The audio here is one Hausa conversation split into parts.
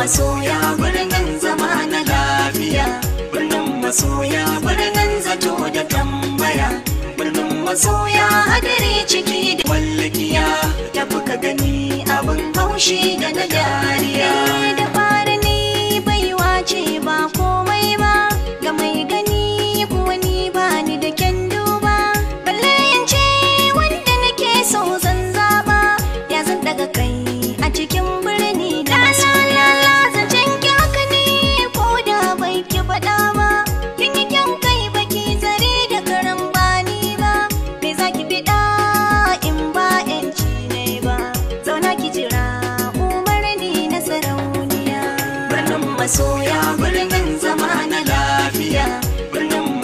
masoya birnin zama na lafiya birnin masoya birnin zato da tambaya birnin masoya hadari ciki da wallakiya ya kuka gani abin haushi da na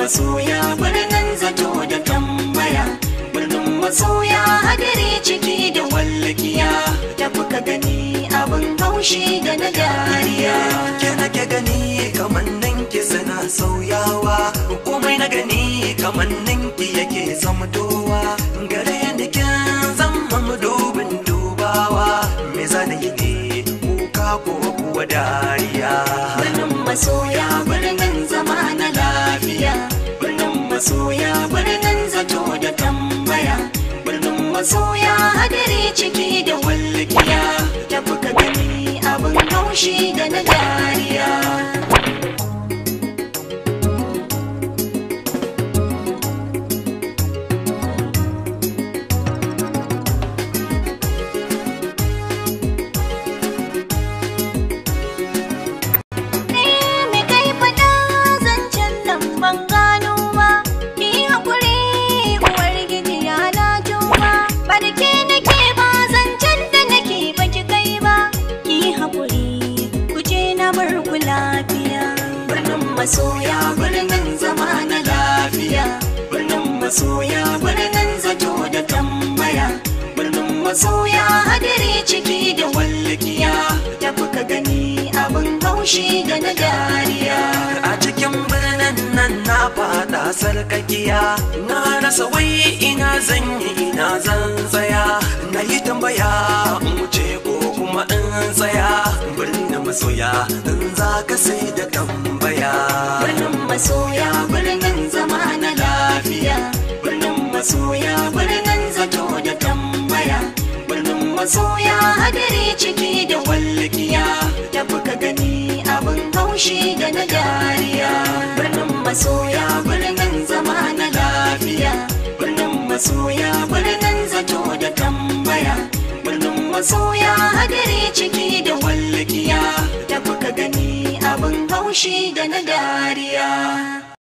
masoya birnin zato da tambaya birnin masoya hadari ciki da wallakiya da kuka gani abin haushi da na dariya ke nake gani nan ki suna sauyawa komai na gani nan ki yake zamtowa gare yadda kin zama dubawa me zan yi ko kuwa dariya birnin masoya masoya hadari ciki da walƙiya da kuka gani abin haushi da na masoya birnin zama na lafiya birnin masoya birnin zato da tambaya birnin masoya hadari ciki da wallakiya da kuka gani abin haushi da na dariya a cikin birnin nan na fada sarkakiya na rasa wai ina zan yi ina zan tsaya na yi tambaya in wuce ko kuma in tsaya birnin masoya masoya birnin zama na lafiya birnin masoya birnin zato da tambaya birnin masoya hadari ciki da walkiya da buka gani abin haushi da na dariya birnin masoya haushi da na dariya